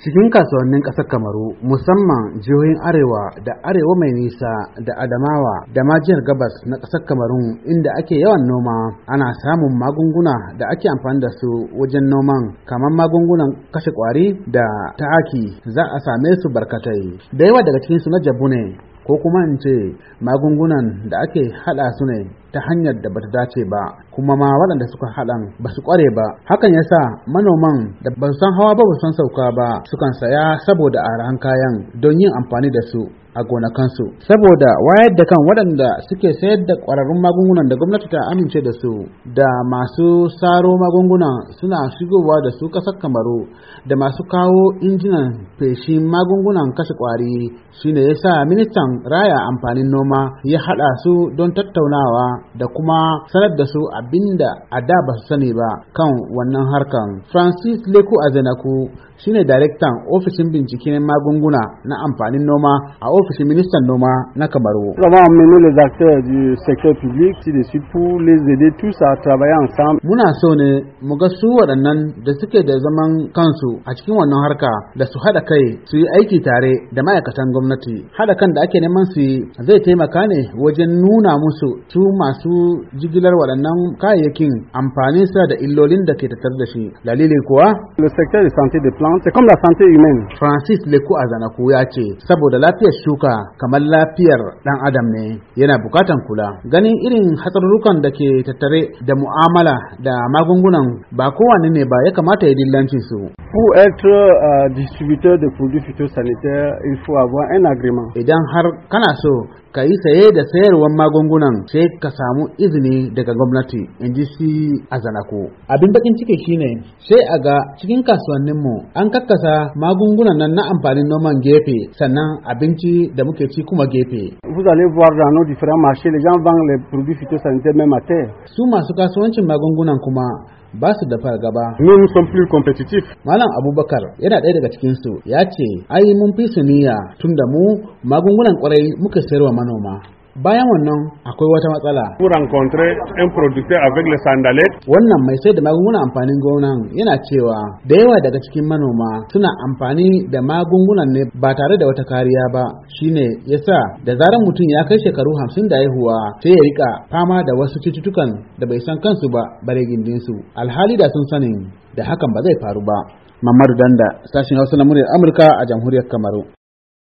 cikin kasuwannin ƙasar kamaru musamman jihohin arewa da arewa mai nisa da adamawa da Majiyar gabas na ƙasar kamarun inda ake yawan noma ana samun magunguna da ake amfani da su wajen noman kamar magungunan kashe ƙwari da ta'aki za a same su barkatai da yawa daga cikinsu na jabu ne ko kuma in ce magungunan da ake hada su ne ta hanyar da bata dace ba kuma ma waɗanda suka haɗan ba su ƙware ba hakan yasa manoman da ba san hawa ba ba san sauka ba sukan saya saboda arahan kayan don yin amfani da su a gonakansu saboda wayar da kan waɗanda suke sayar da ƙwararrun magungunan da gwamnati ta amince da su da masu saro magungunan suna shigowa da su ƙasar kamaru da masu kawo injinan feshin magungunan kashe ƙwari shine ya sa ministan raya amfanin noma ya haɗa su don tattaunawa da kuma sanar da su abinda a da ba su sani ba kan wannan harkan francis leku azenaku shine daraktan ofishin binciken magunguna na amfanin noma a ofishin ministan noma na Kamaru. Muna so ne mu ga su waɗannan da suke da zaman kansu a cikin wannan harka da su haɗa kai su yi aiki tare da ma'aikatan gwamnati. Haɗa kan da ake neman su yi zai taimaka ne wajen nuna musu su masu jigilar waɗannan kayayyakin amfanin sa da illolin da ke tattar da shi. Dalili kuwa? Le secteur de santé de plantes, c'est comme la santé humaine. Francis Leku Azanaku ya ce, saboda lafiyar su shuka kamar lafiyar ɗan adam ne yana bukatan kula ganin irin hatsarurrukan da ke tattare da mu'amala da magungunan ba kowane ne ba ya kamata ya dillanci su pour être euh, distributeur de produits phytosanitaires il faut avoir un agrément idan har kana so ka yi saye da sayarwar magungunan sai ka samu izini daga gwamnati in ji si a zanako abin bakin ciki shine sai a ga cikin kasuwanninmu an kakkasa magungunan nan na amfanin noman gefe sannan abinci da muke ci kuma gefe. Vous allez voir dans nos différents marchés, les gens vendent les produits phytosanitaires même à terre. Su masu kasuwancin magungunan kuma ba su da fargaba. Nous nous sommes plus compétitifs. Malam Abubakar yana ɗaya daga cikin su ya ce ai mun fi su niyya tunda mu magungunan kwarai muka sayarwa manoma. bayan wannan akwai wata matsala pour rencontrer un producteur avec les sandalettes wannan mai sai da magungunan amfanin gonan yana cewa da yawa daga cikin manoma suna amfani da magungunan ne ba tare da wata kariya ba shine yasa da zarar mutum ya kai shekaru hamsin da haihuwa sai ya rika fama da wasu cututtukan da bai san kansu ba bare su. alhali da sun sanin da hakan ba zai faru ba Mamadu Danda, sashen Hausa na muryar Amurka a jamhuriyar Kamaru.